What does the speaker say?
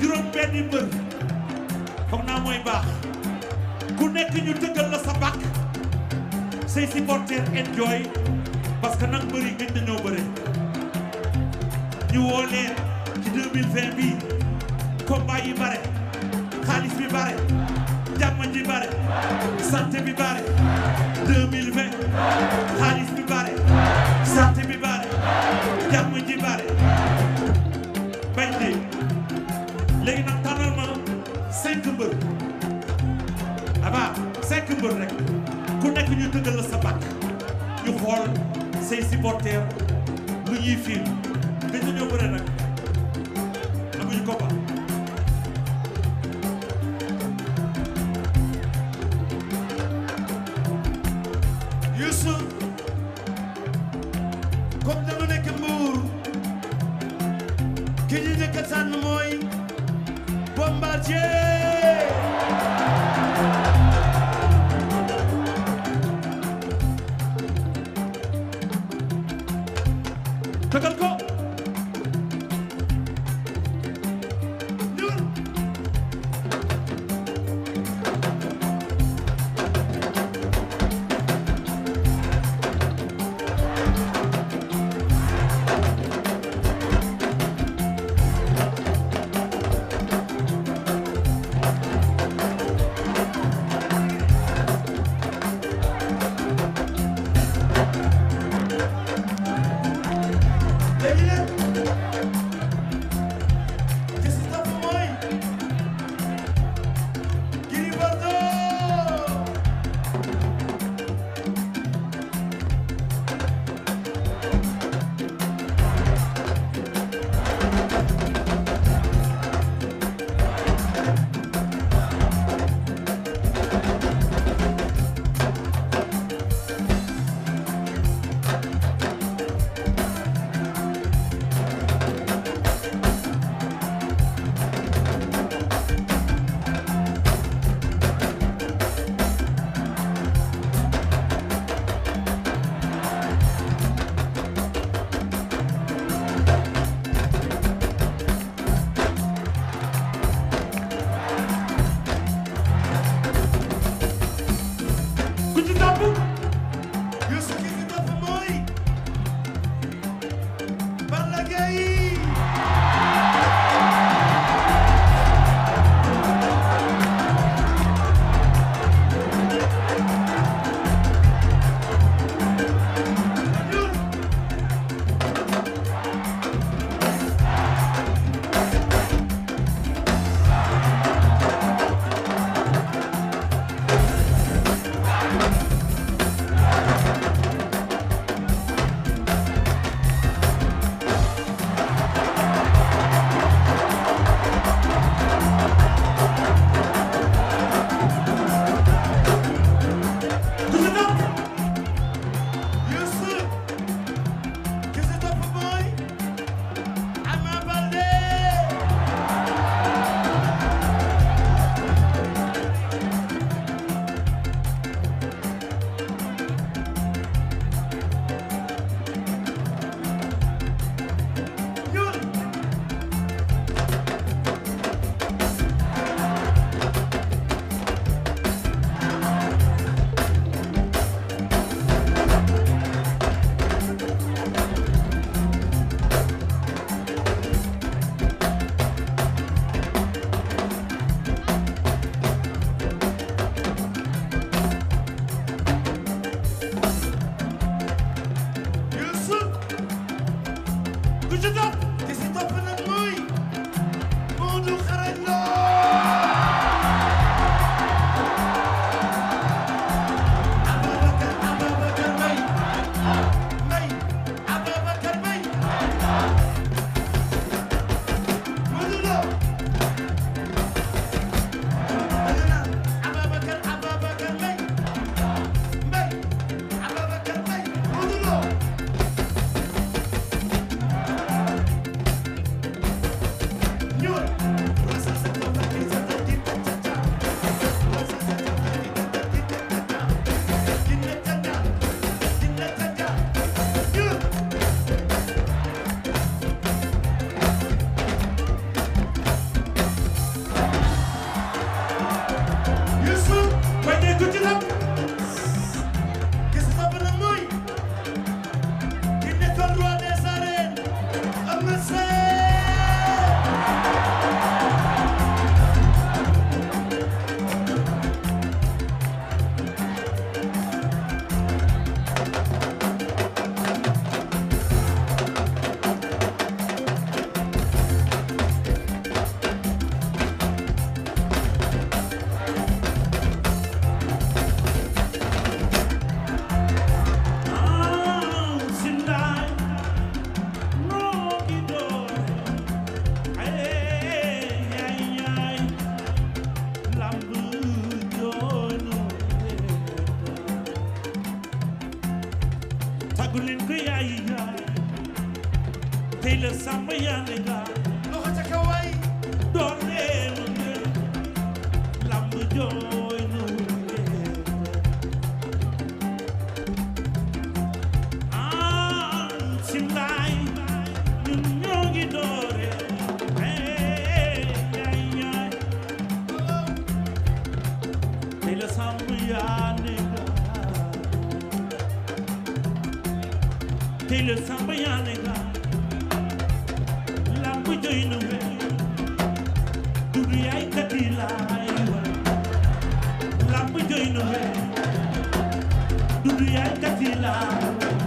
juróom benni mbër foog naa mooy baax ku nekk ñu tëggal la sa bàkk say supporter enjoy parce que nag mbër yi gëj nañoo bëre ñu woo leen ci 2020 bii combat yi bare xaalis bi bare jàmm ji bare santé bi bare 2020 xaalis bi bare santé bi bare jàmm ji bare bañ de léegi nag tànnal ma cinq mbër abaa cinq mbër rek ku nekk ñu tëggal la sa bàkk ñu xool say supporters lu ñuy fiil dañ ñoo bëre nag amuñu ko ba comme dama nekk Mbuur ki ñu njëkk a tànn mooy Bombardier tegal ko Abdou Xarañ Lo 就就他。tàggu leen ko yaayi yaay tey la sàmm yàlla yaay loxo ca kaw waay doon leen làmb joon Dudu yaay kati la